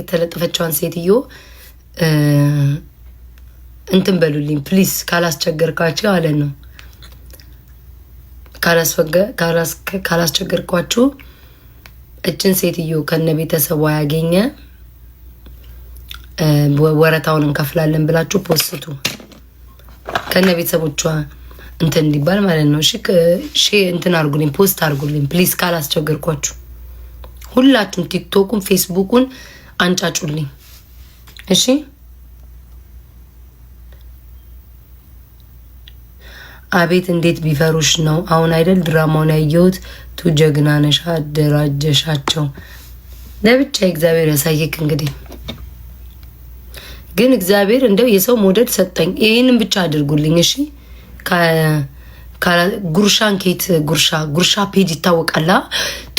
የተለጠፈችዋን ሴትዮ እንትን በሉልኝ ፕሊስ ካላስቸገርካቸው አለ ነው ካላስቸገርኳችሁ እችን ሴትዮ ከነ ቤተሰቧ ያገኘ ወረታውን እንከፍላለን ብላችሁ ፖስቱ ከነ ቤተሰቦቿ እንትን እንዲባል ማለት ነው። እሺ እንትን አርጉልኝ፣ ፖስት አርጉልኝ ፕሊስ ካላስቸገርኳችሁ። ሁላችሁም ቲክቶኩን፣ ፌስቡኩን አንጫጩልኝ እሺ። አቤት እንዴት ቢፈሩሽ ነው! አሁን አይደል ድራማውን ያየሁት። ቱ ጀግና ነሽ አደራጀሻቸው። ለብቻ እግዚአብሔር ያሳየክ። እንግዲህ ግን እግዚአብሔር እንደው የሰው መውደድ ሰጠኝ። ይህንን ብቻ አድርጉልኝ እሺ። ጉርሻን ኬት ጉርሻ ጉርሻ ፔጅ ይታወቃላ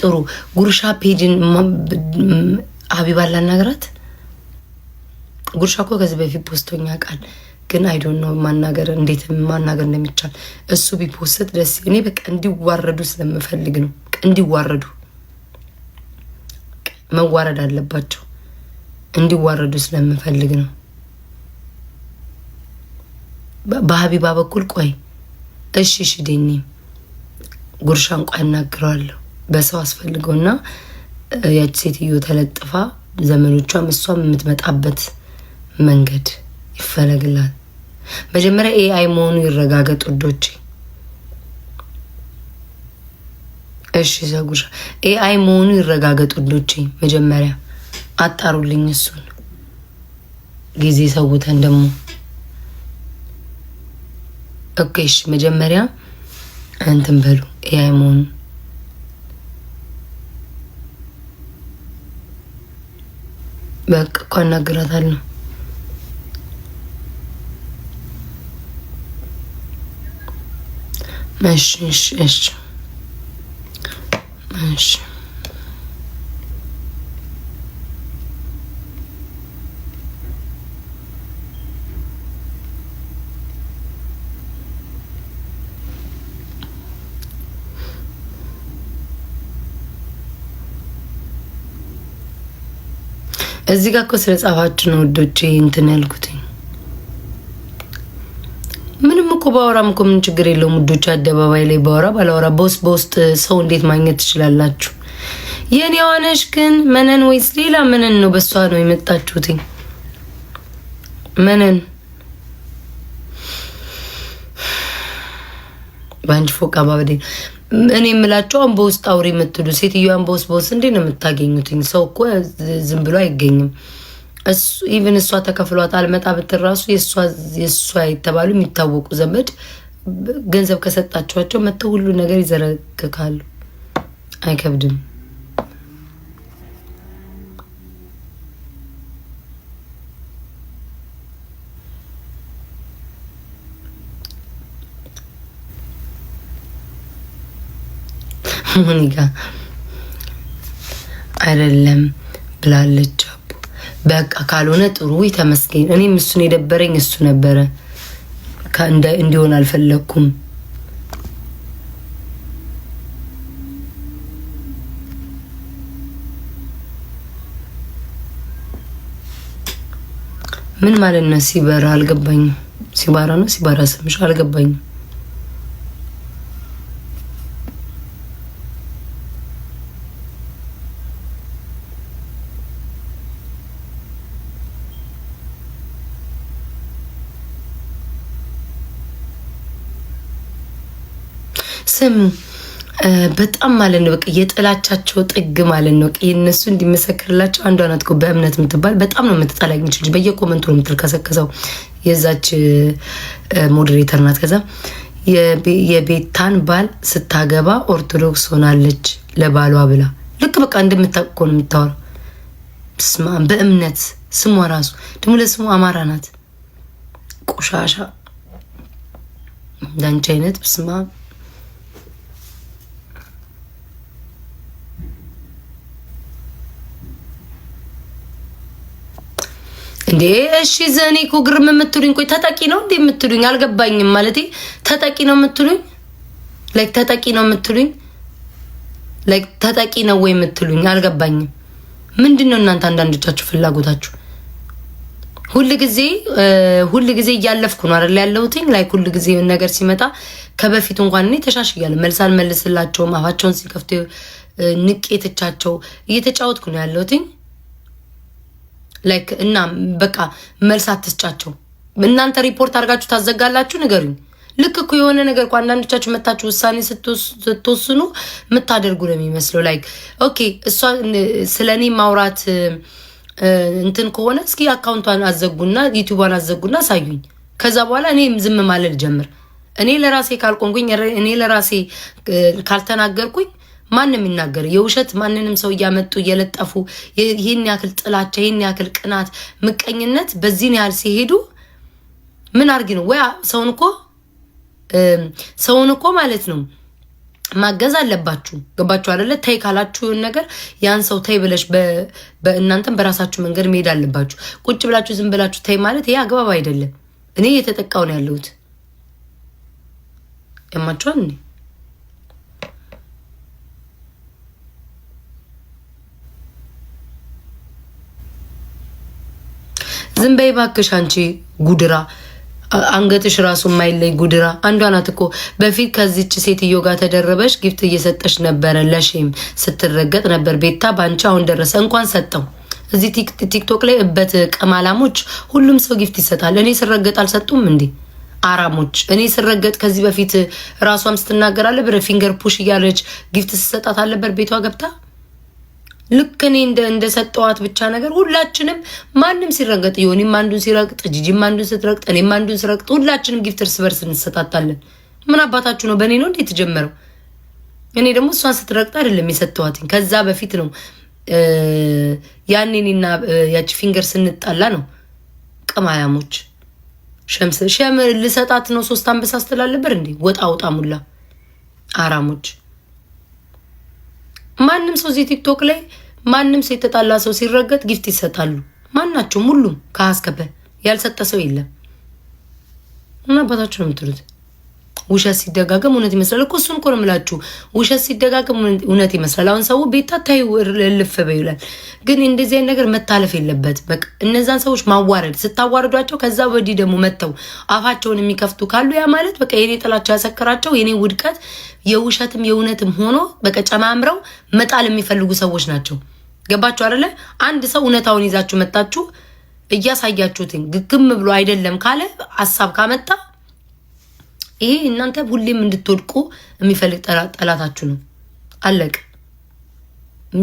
ጥሩ ጉርሻ ፔጅን ሀቢባ ላናግራት። ጉርሻ እኮ ከዚህ በፊት ፖስቶኛ ቃል ግን አይዶን ነው ማናገር እንዴት ማናገር እንደሚቻል እሱ ቢፖስት ደስ እኔ በቃ እንዲዋረዱ ስለምፈልግ ነው። እንዲዋረዱ መዋረድ አለባቸው። እንዲዋረዱ ስለምፈልግ ነው። በሀቢባ በኩል ቆይ እሺ፣ እሺ ዴኒ ጉርሻን ቆይ እናግረዋለሁ። በሰው አስፈልገውና ያች ሴትዮ ተለጥፋ ዘመዶቿም እሷም የምትመጣበት መንገድ ይፈለግላል። መጀመሪያ ኤአይ መሆኑ ይረጋገጥ ውዶቼ። እሺ ዘጉሻ ኤአይ መሆኑ ይረጋገጥ ውዶቼ። መጀመሪያ አጣሩልኝ እሱን ጊዜ ሰውተን ደግሞ ኦኬ። እሺ መጀመሪያ እንትን በሉ ኤአይ መሆኑ በቃ እኮ አናግራታለሁ። እሺ እሺ እሺ እሺ እዚህ ጋር እኮ ስለ ጻፋችሁ ነው ውዶቼ እንትን ያልኩትኝ። ምንም እኮ ባወራም እኮ ምን ችግር የለውም ውዶች። አደባባይ ላይ ባወራ ባላወራ በውስጥ በውስጥ ሰው እንዴት ማግኘት ትችላላችሁ? የኔ ዋነሽ ግን መነን ወይስ ሌላ መነን ነው? በእሷ ነው የመጣችሁትኝ መነን በአንቺ ፎቃ ባበዴ እኔ የምላቸው ውስጥ አውሪ የምትሉ ሴትዮ ውስጥ በውስጥ እንዴ ነው የምታገኙትኝ? ሰው እኮ ዝም ብሎ አይገኝም። ኢቨን እሷ ተከፍሏት አልመጣ ብትል ራሱ የእሷ የተባሉ የሚታወቁ ዘመድ ገንዘብ ከሰጣችኋቸው መጥተው ሁሉ ነገር ይዘረግካሉ። አይከብድም። ምን ጋ አይደለም ብላለች። በቃ ካልሆነ ጥሩ ተመስገን። እኔም እሱን የደበረኝ እሱ ነበረ። እንዲሆን አልፈለግኩም። ምን ማለት ነው? ሲበራ አልገባኝም። ሲባራ ነው ሲባራ ስምሽ አልገባኝም። ስም በጣም ማለት ነው በቃ የጥላቻቸው ጥግ ማለት ነው። የእነሱ እንዲመሰክርላቸው አንዷ ናት እኮ በእምነት የምትባል በጣም ነው የምትጠላ ልጅ። በየኮመንቱ ነው የምትልከሰከሰው። የዛች ሞዴሬተር ናት። ከዛ የቤታን ባል ስታገባ ኦርቶዶክስ ሆናለች ለባሏ ብላ ልክ በቃ እንደምታቆ ነው የምታወራው። በእምነት ስሟ ራሱ ደግሞ ለስሙ አማራ ናት። ቆሻሻ እንዳንቺ አይነት ስማ እንዴ እሺ፣ ዘኔ እኮ ግርም የምትሉኝ ቆይ ተጠቂ ነው እንዴ የምትሉኝ አልገባኝም። ማለት ተጠቂ ነው የምትሉኝ ላይክ ተጠቂ ነው የምትሉኝ ላይክ ተጠቂ ነው ወይ የምትሉኝ አልገባኝም። ምንድን ነው እናንተ አንዳንዶቻችሁ ፍላጎታችሁ? ሁል ጊዜ ሁል ጊዜ እያለፍኩ ነው አይደል ያለሁትኝ። ላይክ ሁል ጊዜ ነገር ሲመጣ ከበፊቱ እንኳን እኔ ተሻሽያለሁ። መልስ አልመልስላቸውም። አፋቸውን ሲከፍቱ ንቄ ትቻቸው እየተጫወትኩ ነው ያለሁትኝ ላይክ እና በቃ መልስ አትስጫቸው። እናንተ ሪፖርት አድርጋችሁ ታዘጋላችሁ፣ ንገሩኝ። ልክ እኮ የሆነ ነገር እኮ አንዳንዶቻችሁ መታችሁ ውሳኔ ስትወስኑ የምታደርጉ ነው የሚመስለው። ላይክ ኦኬ፣ እሷ ስለ እኔ ማውራት እንትን ከሆነ እስኪ አካውንቷን አዘጉና ዩቲቧን አዘጉና አሳዩኝ። ከዛ በኋላ እኔ ዝም ማለል ጀምር። እኔ ለራሴ ካልቆንኩኝ፣ እኔ ለራሴ ካልተናገርኩኝ ማን የሚናገር የውሸት ማንንም ሰው እያመጡ እየለጠፉ ይህን ያክል ጥላቻ፣ ይህን ያክል ቅናት፣ ምቀኝነት በዚህን ያህል ሲሄዱ ምን አርጊ ነው ወይ? ሰውን እኮ ሰውን እኮ ማለት ነው ማገዝ አለባችሁ። ገባችሁ አይደለ? ተይ ካላችሁን ነገር ያን ሰው ተይ ብለሽ በእናንተም በራሳችሁ መንገድ መሄድ አለባችሁ። ቁጭ ብላችሁ ዝም ብላችሁ ተይ ማለት ይሄ አግባብ አይደለም። እኔ እየተጠቃው ነው ያለሁት። የማችኋል ዝም በይ እባክሽ አንቺ ጉድራ አንገትሽ ራሱ የማይለይ ጉድራ አንዷ ናት እኮ በፊት ከዚች ሴትዮ ጋር ተደረበሽ ጊፍት እየሰጠሽ ነበረ ለሼም ስትረገጥ ነበር ቤታ በአንቺ አሁን ደረሰ እንኳን ሰጠው እዚህ ቲክቶክ ላይ እበት ቀማላሞች ሁሉም ሰው ጊፍት ይሰጣል እኔ ስረገጥ አልሰጡም እንዴ አራሞች እኔ ስረገጥ ከዚህ በፊት ራሷም ስትናገር አልነበረ ፊንገር ፑሽ እያለች ጊፍት ስሰጣት አልነበር ቤቷ ገብታ ልክ እኔ እንደ ሰጠዋት ብቻ ነገር ሁላችንም ማንም ሲረገጥ ዮኒም አንዱን ሲረግጥ ጂጂም አንዱን ስትረግጥ እኔም አንዱን ስረግጥ ሁላችንም ጊፍት እርስ በርስ እንሰጣታለን። ምን አባታችሁ ነው? በእኔ ነው እንዴ የተጀመረው? እኔ ደግሞ እሷን ስትረግጥ አይደለም የሰጠዋትኝ ከዛ በፊት ነው። ያኔ እኔና ያቺ ፊንገር ስንጣላ ነው። ቅማያሞች ሸምስ ሸም ልሰጣት ነው ሶስት አንበሳ ስትላልበር እንዴ ወጣ ወጣ ሙላ አራሞች ማንም ሰው እዚህ ቲክቶክ ላይ ማንም ሰው የተጣላ ሰው ሲረገጥ ጊፍት ይሰጣሉ። ማናቸውም ሁሉም ከሀስከበ ያልሰጠ ሰው የለም እና አባታችሁ ነው የምትሉት ውሸት ሲደጋገም እውነት ይመስላል እኮ። እሱን እኮ ነው የምላችሁ። ውሸት ሲደጋገም እውነት ይመስላል። አሁን ሰው ቤታ ታዩ ልፍ ይላል፣ ግን እንደዚህ አይነት ነገር መታለፍ የለበት። በቃ እነዛን ሰዎች ማዋረድ ስታዋርዷቸው፣ ከዛ ወዲህ ደግሞ መጥተው አፋቸውን የሚከፍቱ ካሉ ያ ማለት በቃ የኔ ጥላቸው ያሰከራቸው የኔ ውድቀት የውሸትም የእውነትም ሆኖ በቃ ጨማምረው መጣል የሚፈልጉ ሰዎች ናቸው። ገባችሁ አይደለ? አንድ ሰው እውነታውን ይዛችሁ መጣችሁ እያሳያችሁትኝ ግግም ብሎ አይደለም ካለ ሀሳብ ካመጣ ይሄ እናንተ ሁሌም እንድትወድቁ የሚፈልግ ጠላታችሁ ነው። አለቅ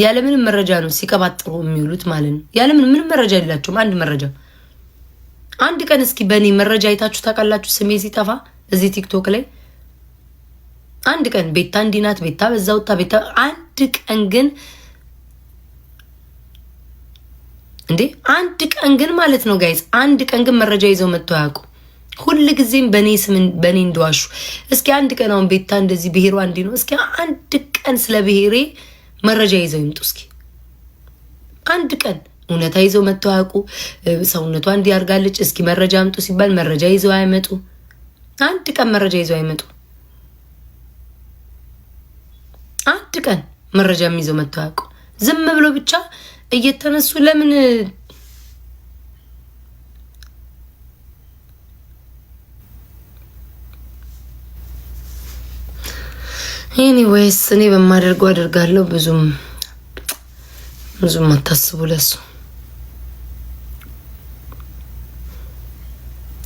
ያለምንም መረጃ ነው ሲቀባጥሩ የሚውሉት ማለት ነው። ያለምን ምንም መረጃ የላቸውም። አንድ መረጃ አንድ ቀን እስኪ በእኔ መረጃ አይታችሁ ታውቃላችሁ? ስሜ ሲጠፋ እዚህ ቲክቶክ ላይ አንድ ቀን ቤታ እንዲህ ናት፣ ቤታ በዛ ቤታ አንድ ቀን ግን እንዴ አንድ ቀን ግን ማለት ነው ጋይዝ፣ አንድ ቀን ግን መረጃ ይዘው መጥተው አያውቁ ሁል ጊዜም በእኔ ስም በእኔ እንደዋሹ። እስኪ አንድ ቀን አሁን ቤታ እንደዚህ ብሔሯ እንዲህ ነው። እስኪ አንድ ቀን ስለ ብሔሬ መረጃ ይዘው ይምጡ። እስኪ አንድ ቀን እውነታ ይዘው መጥተው አያውቁ። ሰውነቷ እንዲህ አድርጋለች፣ እስኪ መረጃ አምጡ ሲባል መረጃ ይዘው አይመጡ። አንድ ቀን መረጃ ይዘው አይመጡ። አንድ ቀን መረጃ ይዘው መጥተው አያውቁ። ዝም ብሎ ብቻ እየተነሱ ለምን ኤኒዌይስ እኔ በማደርገው አደርጋለሁ። ብዙም ብዙም አታስቡ ለሱ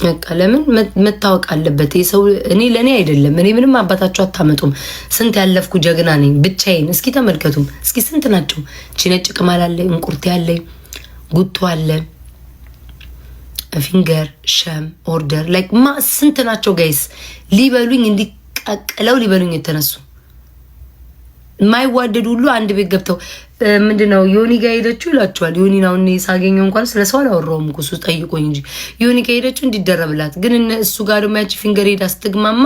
በቃ ለምን መታወቅ አለበት ሰው? እኔ ለእኔ አይደለም። እኔ ምንም አባታችሁ አታመጡም። ስንት ያለፍኩ ጀግና ነኝ ብቻዬን። እስኪ ተመልከቱም፣ እስኪ ስንት ናቸው? እቺ ነጭ ቅማል አለ፣ እንቁርቴ አለኝ፣ ጉቶ አለ፣ ፊንገር፣ ሸም፣ ኦርደር ላይ ስንት ናቸው ጋይስ? ሊበሉኝ እንዲቀቅለው ሊበሉኝ የተነሱ የማይዋደድ ሁሉ አንድ ቤት ገብተው ምንድን ነው ዮኒ ጋ ሄደችው ይላቸዋል። ዮኒን አሁን ሳገኘው እንኳን ስለ ሰው አላወራውም እኮ እሱ ጠይቆኝ እንጂ ዮኒ ጋ ሄደችው እንዲደረብላት፣ ግን እሱ ጋር ደግሞ ያቺ ፊንገር ሄዳ ስትግማማ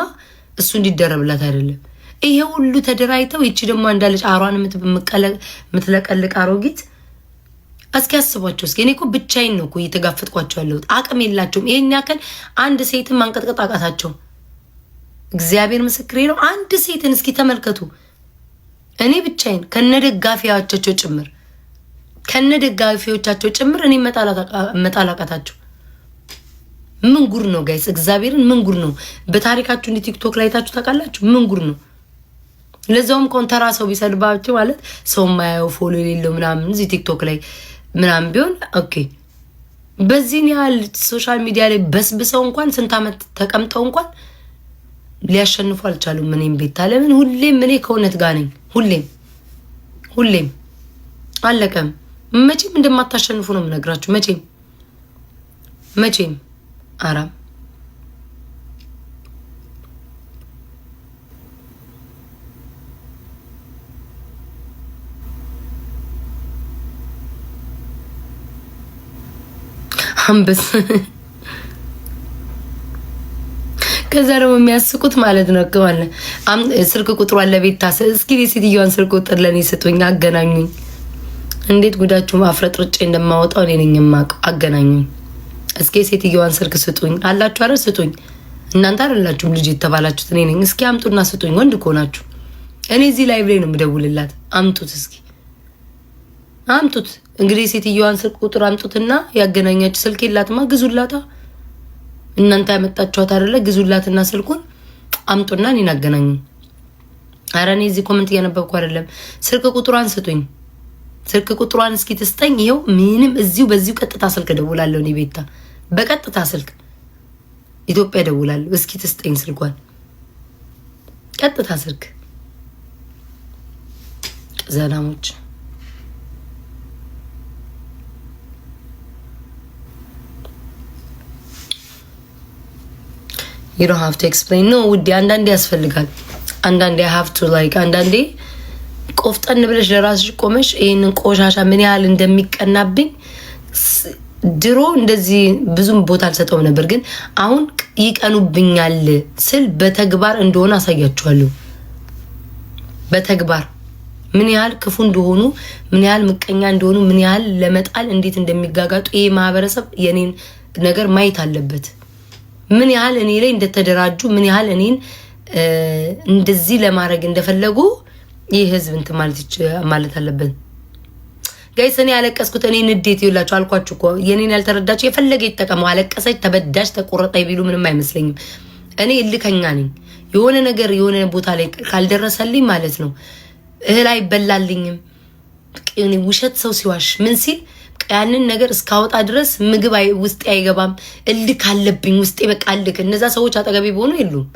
እሱ እንዲደረብላት አይደለም። ይሄ ሁሉ ተደራጅተው ይቺ ደግሞ እንዳለች አሯን የምትለቀልቅ አሮጊት እስኪ አስቧቸው። እስኪ እኔ እኮ ብቻዬን ነው እኮ እየተጋፈጥኳቸው ያለሁት። አቅም የላቸውም። ይሄን ያክል አንድ ሴትን ማንቀጥቀጥ አቃታቸው። እግዚአብሔር ምስክሬ ነው። አንድ ሴትን እስኪ ተመልከቱ። እኔ ብቻዬን ከነደጋፊዎቻቸው ጭምር ከነደጋፊዎቻቸው ጭምር እኔ መጣላቃታቸው ምን ጉር ነው ጋይስ? እግዚአብሔርን ምን ጉር ነው? በታሪካችሁ እንዲ ቲክቶክ ላይ ታችሁ ታውቃላችሁ? ምን ጉር ነው? ለዛውም ኮንተራ ሰው ቢሰድባችሁ ማለት ሰው ማያየው ፎሎ የሌለው ምናምን እዚህ ቲክቶክ ላይ ምናምን ቢሆን ኦኬ። በዚህን ያህል ሶሻል ሚዲያ ላይ በስብሰው እንኳን ስንት ዓመት ተቀምጠው እንኳን ሊያሸንፉ አልቻሉም። እኔም ቤታ ለምን ሁሌም እኔ ከእውነት ጋር ነኝ። ሁሌም ሁሌም አለቀም። መቼም እንደማታሸንፉ ነው የምነግራችሁ። መቼም መቼም አራም አንበስ ከዛ ደግሞ የሚያስቁት ማለት ነው ግባለ ስልክ ቁጥሩ አለ ቤታ እስኪ የሴትዮዋን ስልክ ቁጥር ለእኔ ስጡኝ፣ አገናኙኝ። እንዴት ጉዳችሁ አፍረጥ ርጬ እንደማወጣው እኔ ነኝ የማውቀው። አገናኙኝ እስኪ የሴትዮዋን ስልክ ስጡኝ አላችሁ። አረ ስጡኝ እናንተ አይደላችሁም ልጅ የተባላችሁት እኔ ነኝ። እስኪ አምጡና ስጡኝ። ወንድ ከሆናችሁ እኔ እዚህ ላይ ብሬ ነው የምደውልላት። አምጡት እስኪ አምጡት። እንግዲህ የሴትዮዋን ስልክ ቁጥር አምጡትና ያገናኛችሁ። ስልክ የላትማ ግዙላታ። እናንተ ያመጣችኋት አይደለ? ግዙላትና ስልኩን አምጡና እኔን አገናኙ። ኧረ እኔ እዚህ ኮመንት እያነበብኩ አይደለም። ስልክ ቁጥሯን ስጡኝ። ስልክ ቁጥሯን እስኪ ትስጠኝ። ይኸው ምንም እዚሁ በዚሁ ቀጥታ ስልክ እደውላለሁ እኔ ቤታ፣ በቀጥታ ስልክ ኢትዮጵያ እደውላለሁ። እስኪ ትስጠኝ ስልኳን፣ ቀጥታ ስልክ ዘናሞች ዩ ዶንት ሃቭ ቱ ኤክስፕሌን ኖ ውዴ። አንዳንዴ ያስፈልጋል። አንዳንዴ ሃቭ ቱ ላይክ አንዳንዴ ቆፍጠን ብለሽ ለራስሽ ቆመሽ ይህንን ቆሻሻ ምን ያህል እንደሚቀናብኝ ድሮ እንደዚህ ብዙም ቦታ አልሰጠውም ነበር፣ ግን አሁን ይቀኑብኛል ስል በተግባር እንደሆነ አሳያችኋለሁ። በተግባር ምን ያህል ክፉ እንደሆኑ፣ ምን ያህል ምቀኛ እንደሆኑ፣ ምን ያህል ለመጣል እንዴት እንደሚጋጋጡ ይሄ ማህበረሰብ የኔን ነገር ማየት አለበት። ምን ያህል እኔ ላይ እንደተደራጁ ምን ያህል እኔን እንደዚህ ለማድረግ እንደፈለጉ ይህ ህዝብ እንትን ማለት ማለት አለብን። ጋይስ እኔ ያለቀስኩት እኔ ንዴት ይላችሁ አልኳችሁ እኮ የኔን ያልተረዳችሁ የፈለገ ይጠቀመው። አለቀሰች፣ ተበዳሽ፣ ተቆረጠ ቢሉ ምንም አይመስለኝም። እኔ እልከኛ ነኝ። የሆነ ነገር የሆነ ቦታ ላይ ካልደረሰልኝ ማለት ነው እህል አይበላልኝም። ውሸት ሰው ሲዋሽ ምን ሲል ያንን ነገር እስካወጣ ድረስ ምግብ ውስጤ አይገባም። እልክ አለብኝ ውስጤ በቃ እልክ። እነዛ ሰዎች አጠገቤ በሆኑ የሉም።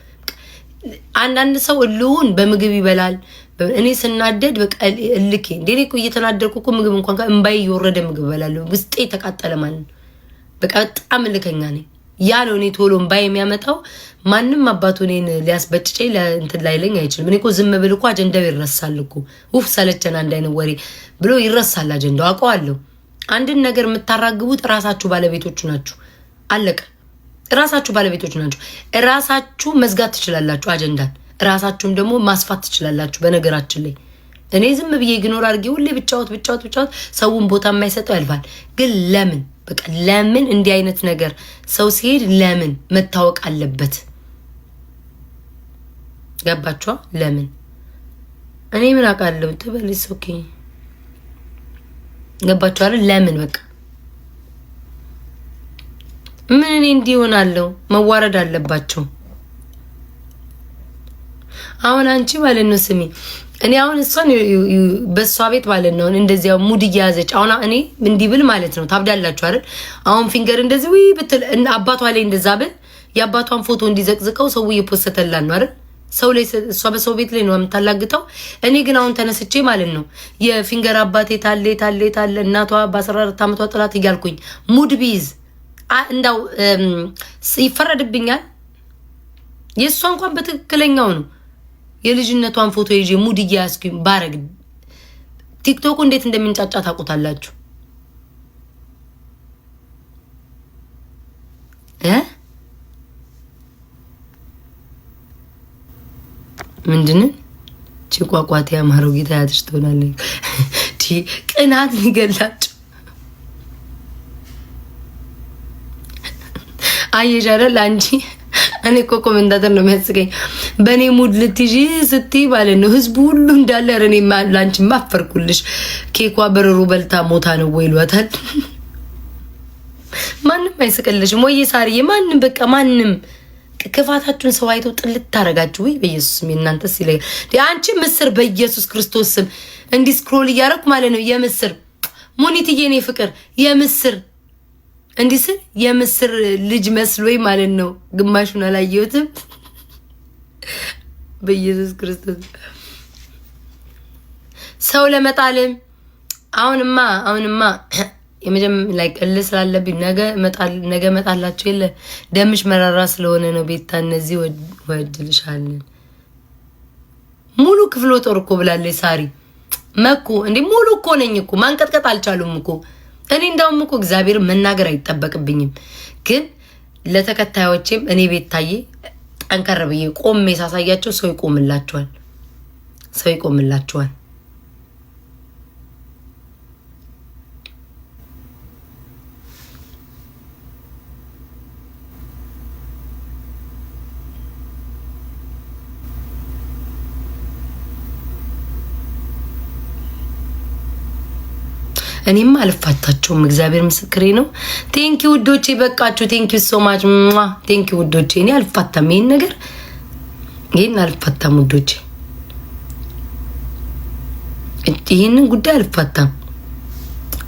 አንዳንድ ሰው እልሁን በምግብ ይበላል። እኔ ስናደድ በቃ እልኬ እንደ እኔ እየተናደድኩ እኮ ምግብ እንኳን እምባዬ እየወረደ ምግብ እበላለሁ። ውስጤ የተቃጠለ ማንን በቃ በጣም እልከኛ ነኝ። ያ ነው እኔ ቶሎ እምባዬ የሚያመጣው። ማንም አባቱ እኔን ሊያስበጭጨኝ እንትን ላይለኝ አይችልም። እኔ እኮ ዝም ብል እኮ አጀንዳው ይረሳል እኮ ውፍ ሰለቸን አንድ አይነት ወሬ ብሎ ይረሳል አጀንዳው አውቀዋለሁ። አንድን ነገር የምታራግቡት ራሳችሁ ባለቤቶቹ ናችሁ። አለቀ። ራሳችሁ ባለቤቶች ናችሁ። ራሳችሁ መዝጋት ትችላላችሁ አጀንዳን፣ ራሳችሁም ደግሞ ማስፋት ትችላላችሁ። በነገራችን ላይ እኔ ዝም ብዬ ግኖር አድርጌ ሁሌ ብጫወት ብጫወት ብጫወት ሰውን ቦታ የማይሰጠው ያልፋል። ግን ለምን በቃ ለምን እንዲህ አይነት ነገር ሰው ሲሄድ ለምን መታወቅ አለበት? ገባችኋ? ለምን እኔ ምን አውቃለሁ ትበልስ ኦኬ ገባችሁ ለምን በቃ ምን እኔ እንዲሆን አለው መዋረድ አለባቸው። አሁን አንቺ ማለት ነው ስሚ፣ እኔ አሁን እሷን በእሷ ቤት ማለት ነው እንደዚያ ሙድ እየያዘች አሁን እኔ እንዲህ ብል ማለት ነው ታብዳላችሁ አይደል? አሁን ፊንገር እንደዚህ ብትል አባቷ ላይ እንደዛ ብል የአባቷን ፎቶ እንዲዘቅዝቀው ሰው እየፖሰተላን ነው አይደል? ሰው ላይ እሷ በሰው ቤት ላይ ነው የምታላግጠው። እኔ ግን አሁን ተነስቼ ማለት ነው የፊንገር አባቴ ታለ ታለ ታለ እናቷ በ14 ዓመቷ ጥላት እያልኩኝ ሙድ ቢዝ እንዳው ይፈረድብኛል። የእሷ እንኳን በትክክለኛው ነው የልጅነቷን ፎቶ ይዤ ሙድ እያያዝኩኝ ባረግ ቲክቶኩ እንዴት እንደሚንጫጫ ታውቁታላችሁ እ ምንድን ጭቋቋቴ ያማረው ጌታ ያትሽ ትሆናለች። ቅናት ይገላቸው አየሻለል አንቺ እኔ እኮ ኮመንታተር ነው የሚያስቀኝ። በእኔ ሙድ ልትይዥ ስትይ ማለት ነው ህዝቡ ሁሉ እንዳለ ረኔ ላንቺ ማፈርኩልሽ። ኬኳ በረሮ በልታ ሞታ ነው ወይ ይሏታል። ማንም አይስቀልሽም ወይ ሳርዬ፣ ማንም በቃ ማንም ክፋታችሁን ሰው አይቶ ጥልት ልታረጋችሁ ወይ በኢየሱስ ስም እናንተ ይለ አንቺ ምስር በኢየሱስ ክርስቶስ ስም እንዲህ ስክሮል እያረኩ ማለት ነው። የምስር ሙኒትዬ እኔ ፍቅር የምስር እንዲህ ስል የምስር ልጅ መስል ወይ ማለት ነው። ግማሹን አላየሁትም በኢየሱስ ክርስቶስ ሰው ለመጣልም አሁንማ አሁንማ እልህ ስላለብኝ ነገ ነገ መጣላቸው የለ ደምሽ መራራ ስለሆነ ነው። ቤታ እነዚህ ወድልሻለን። ሙሉ ክፍለ ጦር እኮ ብላለች ሳሪ መኩ። እንዴ ሙሉ እኮ ነኝ እኮ ማንቀጥቀጥ አልቻሉም እኮ እኔ እንዳውም እኮ እግዚአብሔር መናገር አይጠበቅብኝም፣ ግን ለተከታዮቼም እኔ ቤታዬ ጠንከር ብዬ ቆሜ ሳሳያቸው ሰው ይቆምላቸዋል፣ ሰው ይቆምላቸዋል። እኔም አልፋታቸውም። እግዚአብሔር ምስክሬ ነው። ቴንኪ ውዶቼ፣ በቃችሁ። ቴንኪ ሶማች ቴንኪ ውዶቼ። እኔ አልፋታም ይህን ነገር ይህን አልፋታም ውዶቼ፣ ይህንን ጉዳይ አልፋታም።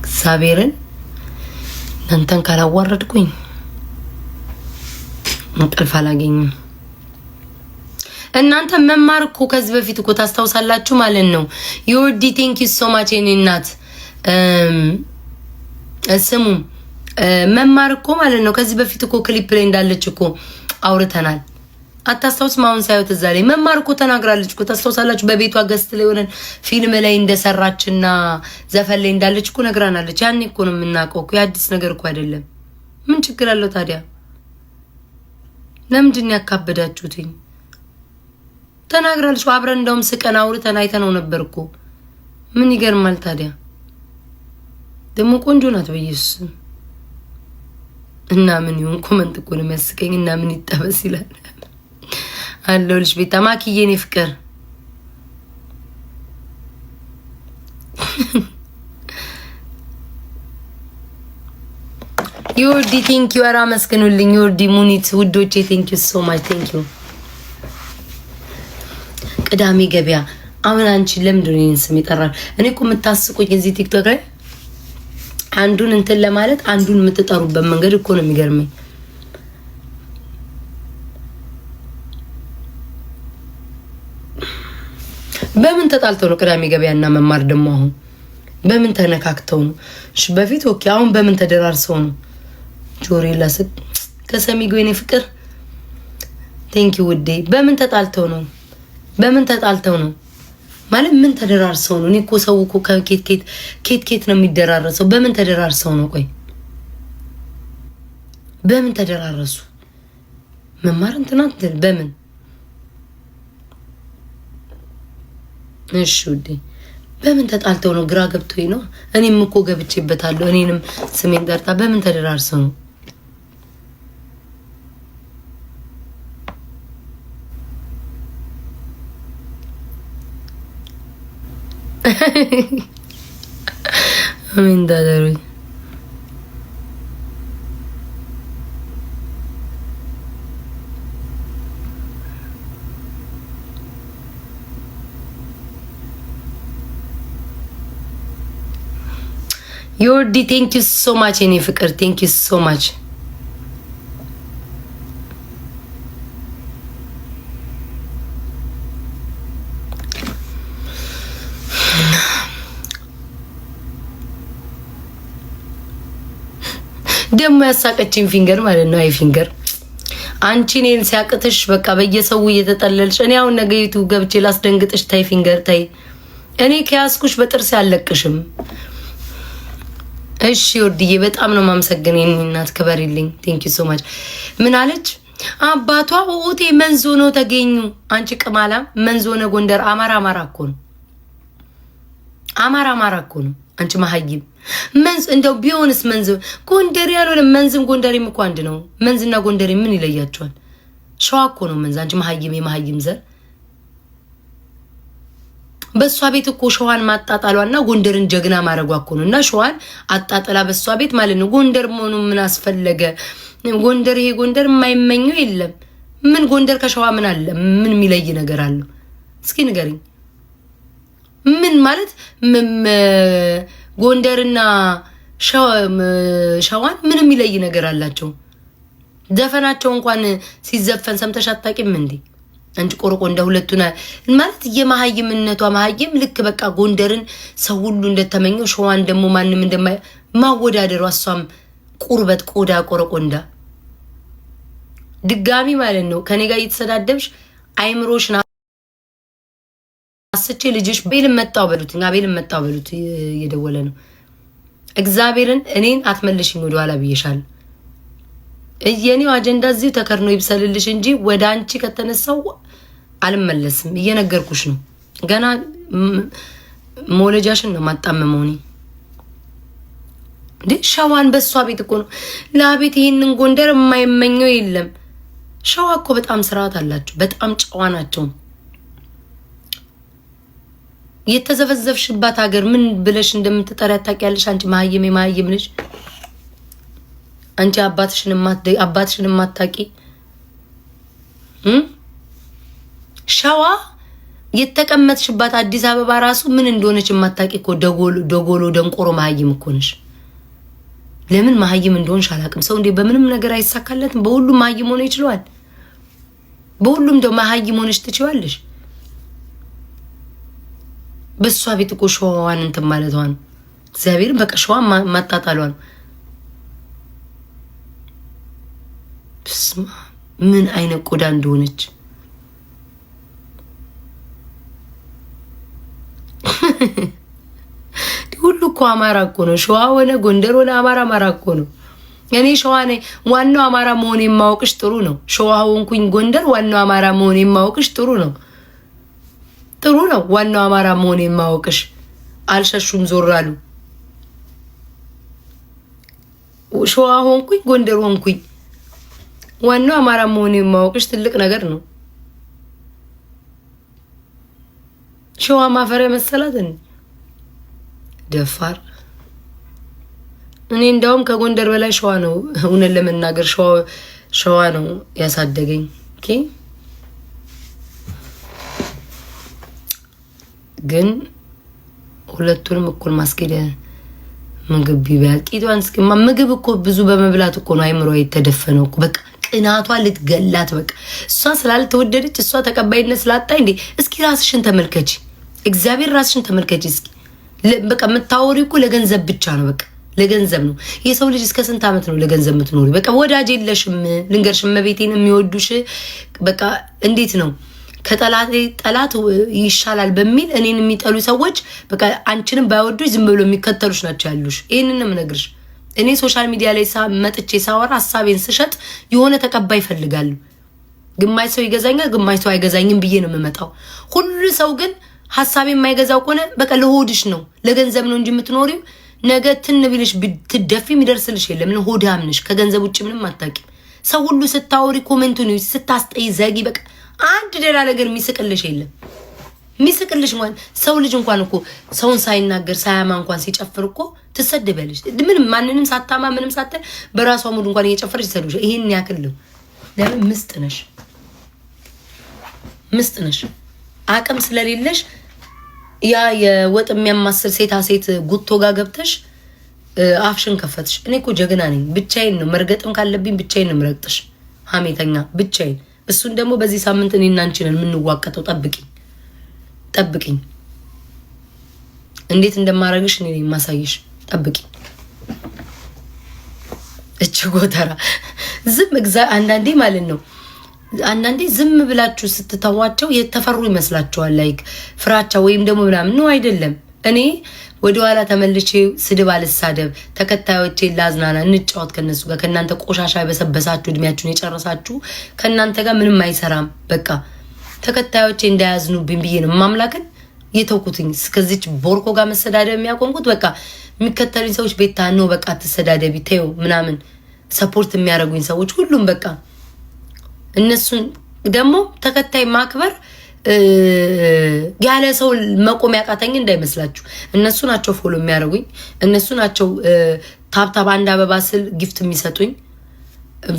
እግዚአብሔርን እናንተን ካላዋረድኩኝ እንቅልፍ አላገኝም። እናንተ መማር እኮ ከዚህ በፊት እኮ ታስታውሳላችሁ ማለት ነው። የወዲ ቴንኪ ሶማች የኔ እናት ስሙ መማር እኮ ማለት ነው። ከዚህ በፊት እኮ ክሊፕ ላይ እንዳለች እኮ አውርተናል። አታስታውስ ማሁን ሳይወት እዛ ላይ መማር እኮ ተናግራለች እኮ ታስታውሳላችሁ። በቤቷ ገስት ላይ ሆነን ፊልም ላይ እንደሰራችና ዘፈን ላይ እንዳለች እኮ ነግራናለች። ያኔ እኮ ነው የምናውቀው። የአዲስ ነገር እኮ አይደለም። ምን ችግር አለው ታዲያ? ለምንድን ያካበዳችሁትኝ? ተናግራለች። አብረን እንደውም ስቀን አውርተን አይተነው ነበር እኮ ምን ይገርማል ታዲያ? ደግሞ ቆንጆ ናት። በኢየሱስ እና ምን ይሁን ኮመንት እኮ ነው የሚያስቀኝ። እና ምን ይጠበስ ይላል አለው ልጅ ቤታ ማክዬ፣ እኔ ፍቅር ዮርዲ ቴንኪ ዩ። ኧረ አመስግኑልኝ ዮርዲ ሙኒት፣ ውዶቼ ቴንኪ ዩ ሶ ማች ቴንኪ ዩ። ቅዳሜ ገበያ አሁን አንቺ ለምንድን ነው ይህን ስም የጠራል? እኔ እኮ የምታስቁኝ እዚህ ቲክቶክ ላይ አንዱን እንትን ለማለት አንዱን የምትጠሩበት መንገድ እኮ ነው የሚገርመኝ። በምን ተጣልተው ነው ቅዳሜ ገበያና መማር ደግሞ አሁን በምን ተነካክተው ነው? እሺ በፊት ኦኬ፣ አሁን በምን ተደራርሰው ነው? ጆሬ ላስት ከሰሚ ጎኔ ፍቅር ቴንኪ ውዴ። በምን ተጣልተው ነው? በምን ተጣልተው ነው? ማለት ምን ተደራርሰው ነው? እኔ እኮ ሰው እኮ ኬት ኬት ነው የሚደራረሰው። በምን ተደራርሰው ነው? ቆይ በምን ተደራረሱ? መማር እንትናት በምን እሺ ውዴ በምን ተጣልተው ነው? ግራ ገብቶኝ ነው። እኔም እኮ ገብቼበታለሁ። እኔንም ስሜን ጠርታ በምን ተደራርሰው ነው? I'm in that area. Yordi, thank you so much, Inifikar. Thank you so much. ያሳቀችኝ ፊንገር ማለት ነው። አይ ፊንገር አንቺ እኔን ሲያቅትሽ በቃ በየሰው እየተጠለልሽ፣ እኔ አሁን ነገ የቱ ገብቼ ላስደንግጥሽ? ታይ ፊንገር ታይ፣ እኔ ከያዝኩሽ በጥርስ ያለቅሽም። እሺ ወድዬ፣ በጣም ነው ማመሰግን። እናት ክበሪልኝ። ቴንክ ዩ ሶ ማች። ምን አለች አባቷ? ኦቴ መንዞ ነው ተገኙ። አንቺ ቅማላ መንዞ ነው ጎንደር። አማራ አማራ እኮ ነው። አማራ አማራ እኮ ነው። አንቺ መሀይም መንዝ እንደው ቢሆንስ መንዝ ጎንደሬ ያልሆነ መንዝም ጎንደሬም እኮ አንድ ነው። መንዝና ጎንደሬ ምን ይለያቸዋል? ሸዋ እኮ ነው መንዝ። አንቺ መሀይም የመሀይም ዘር በእሷ ቤት እኮ ሸዋን ማጣጣሏና ጎንደርን ጀግና ማድረጓ እኮ ነው። እና ሸዋን አጣጠላ በእሷ ቤት ማለት ነው። ጎንደር መሆኑ ምን አስፈለገ? ጎንደር ይሄ ጎንደር የማይመኘው የለም። ምን ጎንደር ከሸዋ ምን አለ? ምን የሚለይ ነገር አለው? እስኪ ንገሪኝ። ምን ማለት ጎንደርና ሸዋን ምንም የሚለይ ነገር አላቸው? ዘፈናቸው እንኳን ሲዘፈን ሰምተሽ አታውቂም እንዴ? አንቺ ቆርቆ እንደ ሁለቱን ማለት የመሀይምነቷ መሀይም ልክ በቃ ጎንደርን ሰው ሁሉ እንደተመኘው ሸዋን ደግሞ ማንም እንደማ ማወዳደሩ እሷም ቁርበት ቆዳ ቆረቆንዳ ድጋሚ ማለት ነው ከኔ ጋር እየተሰዳደብሽ አይምሮሽን አስቼ ልጅሽ ቤልም መጣው በሉት እኛ ቤልም መጣው በሉት እየደወለ ነው። እግዚአብሔርን እኔን አትመልሽኝ ወደኋላ ብዬሻል። የኔው አጀንዳ እዚህ ተከርኖ ይብሰልልሽ እንጂ ወደ አንቺ ከተነሳው አልመለስም። እየነገርኩሽ ነው። ገና መውለጃሽን ነው ማጣመመው። እኔ እንዴ ሸዋን በእሷ ቤት እኮ ነው ለአቤት ይህንን ጎንደር የማይመኘው የለም። ሸዋ እኮ በጣም ስርዓት አላቸው። በጣም ጨዋ ናቸው። የተዘበዘብሽባት ሀገር ምን ብለሽ እንደምትጠሪ ታውቂያለሽ? አንቺ መሀይም የመሀይም ልጅ አንቺ አባትሽን የማታውቂ ሸዋ የተቀመጥሽባት አዲስ አበባ ራሱ ምን እንደሆነች የማታውቂ እኮ ደጎሎ ደንቆሮ መሀይም እኮ ነሽ። ለምን መሀይም እንደሆንሽ አላውቅም። ሰው እንዴ በምንም ነገር አይሳካለትም። በሁሉም መሀይም ሆነ ይችለዋል። በሁሉም ደ መሀይም ሆነሽ ትችዋለሽ። በእሷ ቤት እኮ ሸዋዋን እንትን ማለቷ ነው። እግዚአብሔርን በቃ ሸዋ ማጣጣሏ ነው። ምን አይነት ቆዳ እንደሆነች ሁሉ እኮ አማራ እኮ ነው። ሸዋ ሆነ ጎንደር ሆነ አማራ አማራ እኮ ነው። እኔ ሸዋ ነኝ። ዋናው አማራ መሆን የማወቅሽ ጥሩ ነው። ሸዋ ሆንኩኝ ጎንደር፣ ዋናው አማራ መሆን የማወቅሽ ጥሩ ነው። ጥሩ ነው። ዋናው አማራ መሆን የማወቅሽ አልሸሹም ዞር አሉ። ሸዋ ሆንኩኝ ጎንደር ሆንኩኝ፣ ዋናው አማራ መሆን የማወቅሽ ትልቅ ነገር ነው። ሸዋ ማፈሪያ መሰላትን ደፋር እኔ እንዳውም ከጎንደር በላይ ሸዋ ነው። እውነት ለመናገር ሸዋ ነው ያሳደገኝ። ግን ሁለቱንም እኩል ማስኬድ ምግብ ቢበልጥ ቂጧን እስኪማ ምግብ እኮ ብዙ በመብላት እኮ ነው አይምሮ የተደፈነው እኮ በቃ ቅናቷ ልትገላት በቃ እሷ ስላልተወደደች እሷ ተቀባይነት ስላጣ እንዴ እስኪ ራስሽን ተመልከች እግዚአብሔር ራስሽን ተመልከች እስኪ በቃ የምታወሪው እኮ ለገንዘብ ብቻ ነው በቃ ለገንዘብ ነው የሰው ልጅ እስከ ስንት ዓመት ነው ለገንዘብ የምትኖሪ በቃ ወዳጅ የለሽም ልንገርሽ መቤቴን የሚወዱሽ በቃ እንዴት ነው ከጠላት ጠላት ይሻላል በሚል እኔን የሚጠሉ ሰዎች በቃ አንቺንም ባይወዱሽ ዝም ብሎ የሚከተሉሽ ናቸው ያሉሽ። ይህንንም ነግርሽ እኔ ሶሻል ሚዲያ ላይ መጥቼ ሳወራ ሀሳቤን ስሸጥ የሆነ ተቀባይ ይፈልጋሉ። ግማሽ ሰው ይገዛኛል፣ ግማሽ ሰው አይገዛኝም ብዬ ነው የምመጣው። ሁሉ ሰው ግን ሀሳቤ የማይገዛው ከሆነ በቃ ለሆድሽ ነው ለገንዘብ ነው እንጂ የምትኖሪው ነገ ትንብልሽ ብትደፊ የሚደርስልሽ የለም። ሆድ አምንሽ ከገንዘብ ውጭ ምንም አታውቂም። ሰው ሁሉ ስታወሪ ኮሜንቱን ስታስጠይ ዘጊ በቃ አንድ ደህና ነገር የሚስቅልሽ የለም። የሚስቅልሽ ማለት ሰው ልጅ እንኳን እኮ ሰውን ሳይናገር ሳያማ እንኳን ሲጨፍር እኮ ትሰድበልሽ። ምንም ማንንም ሳታማ ምንም ሳተ በራሷ ሙድ እንኳን እየጨፈረች ትሰድብሽ። ይሄን ያክልም ለምን ምስጥ ነሽ? ምስጥ ነሽ። አቅም ስለሌለሽ ያ የወጥ የሚያማስል ሴታ ሴት ጉቶ ጋር ገብተሽ አፍሽን ከፈትሽ። እኔ እኮ ጀግና ነኝ። ብቻዬን ነው መርገጥም ካለብኝ ብቻዬን ነው ምረግጥሽ። ሀሜተኛ ብቻዬን እሱን ደግሞ በዚህ ሳምንት እኔና አንችንን የምንዋቀተው። ጠብቂኝ ጠብቂኝ። እንዴት እንደማረግሽ እኔ የማሳይሽ ጠብቂኝ። እች ጎተራ ዝም አንዳንዴ ማለት ነው አንዳንዴ ዝም ብላችሁ ስትተዋቸው የተፈሩ ይመስላችኋል። ላይክ ፍራቻ ወይም ደግሞ ምናምን ነው አይደለም እኔ ወደ ኋላ ተመልቼ ስድብ አልሳደብ፣ ተከታዮቼ ላዝናና፣ እንጫወት ከነሱ ጋር። ከእናንተ ቆሻሻ የበሰበሳችሁ እድሜያችሁን የጨረሳችሁ ከእናንተ ጋር ምንም አይሰራም። በቃ ተከታዮቼ እንዳያዝኑብኝ ብዬ ነው ማምላክን የተውኩትኝ። እስከዚች ቦርኮ ጋር መሰዳደብ የሚያቆምኩት በቃ የሚከተሉኝ ሰዎች ቤታ ነው በቃ አትሰዳደቢ ተይው ምናምን ሰፖርት የሚያደርጉኝ ሰዎች ሁሉም በቃ እነሱን ደግሞ ተከታይ ማክበር ያለ ሰው መቆም ያቃተኝ እንዳይመስላችሁ። እነሱ ናቸው ፎሎ የሚያደርጉኝ፣ እነሱ ናቸው ታብታብ አንድ አበባ ስል ጊፍት የሚሰጡኝ።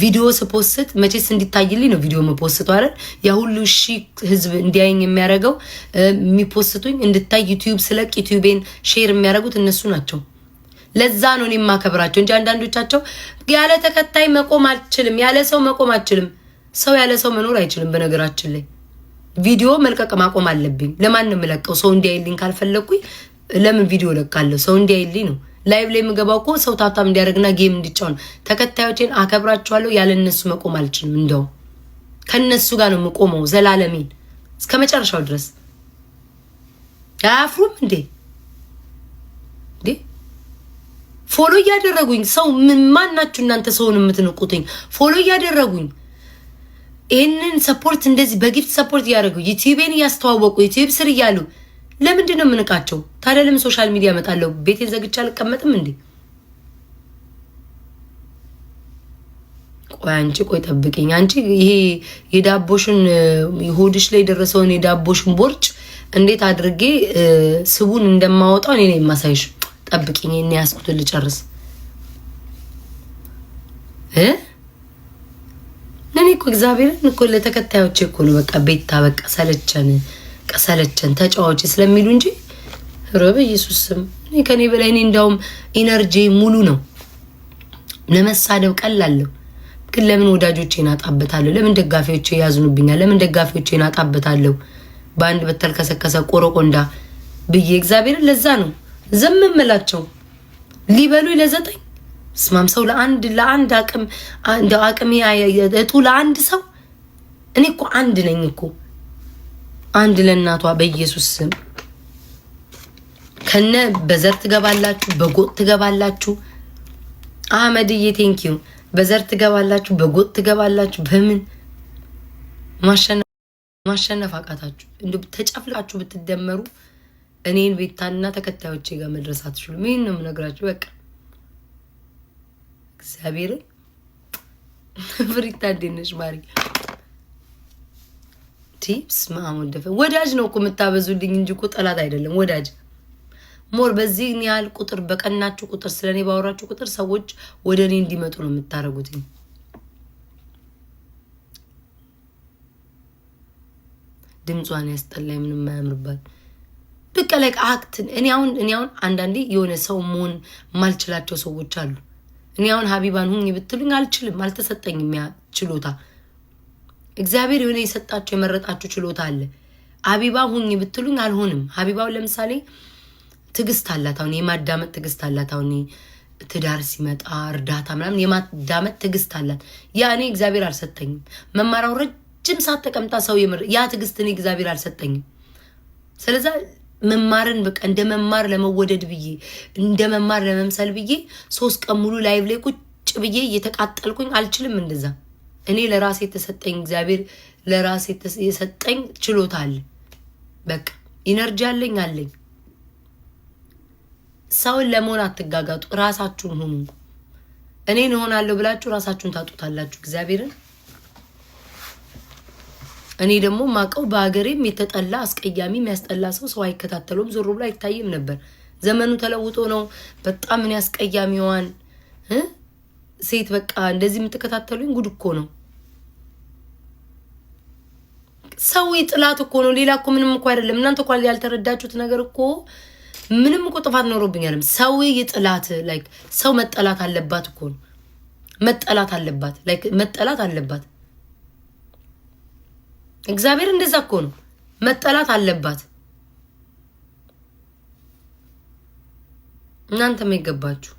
ቪዲዮ ስፖስት መቼስ እንዲታይልኝ ነው ቪዲዮ መፖስቱ አይደል? ያ ሁሉ ሺ ህዝብ እንዲያይኝ የሚያደርገው የሚፖስቱኝ እንድታይ ዩቲዩብ ስለቅ ዩቲዩቤን ሼር የሚያደርጉት እነሱ ናቸው። ለዛ ነው እኔ የማከብራቸው እንጂ አንዳንዶቻቸው ያለ ተከታይ መቆም አልችልም፣ ያለ ሰው መቆም አልችልም። ሰው ያለ ሰው መኖር አይችልም በነገራችን ላይ ቪዲዮ መልቀቅ ማቆም አለብኝ። ለማን የምለቀው ሰው እንዲያይልኝ ካልፈለግኩኝ ለምን ቪዲዮ ለቃለሁ? ሰው እንዲያይልኝ ነው። ላይቭ ላይ የምገባው እኮ ሰው ታብታብ እንዲያደርግና ጌም እንዲጫወት። ተከታዮቼን አከብራችኋለሁ። ያለ እነሱ መቆም አልችልም። እንደው ከነሱ ጋር ነው የምቆመው ዘላለሜን እስከ መጨረሻው ድረስ። አያፍሩም እንዴ? እንዴ ፎሎ እያደረጉኝ ሰው ምን ማናችሁ እናንተ ሰውን የምትንቁትኝ? ፎሎ እያደረጉኝ ይህንን ሰፖርት እንደዚህ በጊፍት ሰፖርት እያደረጉ ዩቲዩቤን እያስተዋወቁ ዩቲዩብ ስር እያሉ ለምንድን ነው የምንቃቸው? ታዲያ ለምን ሶሻል ሚዲያ እመጣለሁ? ቤቴን ዘግቼ አልቀመጥም እንዴ? ቆይ አንቺ ቆይ ጠብቅኝ አንቺ። ይሄ የዳቦሽን ሆድሽ ላይ የደረሰውን የዳቦሽን ቦርጭ እንዴት አድርጌ ስቡን እንደማወጣው እኔ የማሳይሽ ጠብቅኝ። እኔ ያስኩትን ልጨርስ እ እኔ እኮ እግዚአብሔርን እኮ ለተከታዮች እኮ ነው በቃ ቤታ በቃ ሰለቸን፣ ቀሰለቸን ተጫዋች ስለሚሉ እንጂ ኧረ ኢየሱስም እኔ ከኔ በላይ እኔ እንዳውም ኢነርጂ ሙሉ ነው ለመሳደብ ቀላለሁ። ግን ለምን ወዳጆች እናጣበታለሁ? ለምን ደጋፊዎቼ ያዝኑብኛል? ለምን ደጋፊዎቼ እናጣበታለሁ? በአንድ በተልከሰከሰ ቆረቆንዳ ብዬ እግዚአብሔርን ለዛ ነው ዘምምላቸው ሊበሉ ለዘጠኝ ስማም ሰው ለአንድ ለአንድ አቅም እንደ አቅም እጡ ለአንድ ሰው እኔ እኮ አንድ ነኝ እኮ አንድ ለእናቷ በኢየሱስ ስም ከነ በዘር ትገባላችሁ፣ በጎጥ ትገባላችሁ። አህመድዬ ቴንኪው። በዘር ትገባላችሁ፣ በጎጥ ትገባላችሁ። በምን ማሸነፍ አቃታችሁ? እንዲ ተጨፍልቃችሁ ብትደመሩ እኔን ቤታና ተከታዮቼ ጋር መድረስ አትችሉም። ይህን ነው የምነግራችሁ በቃ እግዚአብሔር ፍሪታ እንዴት ማሪ? ቲፕስ ማሙል ደፈ ወዳጅ ነው እኮ የምታበዙልኝ እንጂ እኮ ጠላት አይደለም። ወዳጅ ሞር በዚህ ያህል ቁጥር በቀናችሁ ቁጥር ስለኔ ባወራችሁ ቁጥር ሰዎች ወደ እኔ እንዲመጡ ነው የምታደርጉትኝ። ድምጿን ያስጠላኝ ምንም የማያምርባት በቃ ላይ አክትን እኔ አሁን እኔ አሁን አንዳንዴ የሆነ ሰው መሆን ማልችላቸው ሰዎች አሉ እኔ አሁን ሀቢባን ሁኝ ብትሉኝ አልችልም፣ አልተሰጠኝም ያ ችሎታ። እግዚአብሔር የሆነ የሰጣቸው የመረጣቸው ችሎታ አለ። ሀቢባ ሁኝ ብትሉኝ አልሆንም። ሀቢባውን ለምሳሌ ትግስት አላት። አሁን የማዳመጥ ትዕግስት አላት። አሁን ትዳር ሲመጣ እርዳታ ምናምን የማዳመጥ ትዕግስት አላት። ያ እኔ እግዚአብሔር አልሰጠኝም። መማራው ረጅም ሰዓት ተቀምጣ ሰው ያ ትግስት እኔ እግዚአብሔር አልሰጠኝም። ስለዛ መማርን በቃ እንደ መማር ለመወደድ ብዬ እንደ መማር ለመምሰል ብዬ ሶስት ቀን ሙሉ ላይቭ ላይ ቁጭ ብዬ እየተቃጠልኩኝ አልችልም። እንደዛ እኔ ለራሴ የተሰጠኝ እግዚአብሔር ለራሴ የሰጠኝ ችሎታ አለ። በቃ ኢነርጂ አለኝ አለኝ። ሰውን ለመሆን አትጋጋጡ፣ ራሳችሁን ሁኑ። እኔን እሆናለሁ ብላችሁ ራሳችሁን ታጡታላችሁ እግዚአብሔርን እኔ ደግሞ ማቀው በሀገሬም የተጠላ አስቀያሚ የሚያስጠላ ሰው ሰው አይከታተሉም፣ ዞሮ ብሎ አይታይም ነበር። ዘመኑ ተለውጦ ነው። በጣም እኔ አስቀያሚዋን ሴት በቃ እንደዚህ የምትከታተሉኝ ጉድ እኮ ነው። ሰው ጥላት እኮ ነው። ሌላ እኮ ምንም እኮ አይደለም። እናንተ እኳ ያልተረዳችሁት ነገር እኮ ምንም እኮ ጥፋት ኖሮብኝ አለም ሰው የጥላት ላይክ ሰው መጠላት አለባት እኮ ነው። መጠላት አለባት ላይክ መጠላት አለባት እግዚአብሔር እንደዛ እኮ ነው። መጠላት አለባት። እናንተ ይገባችሁ።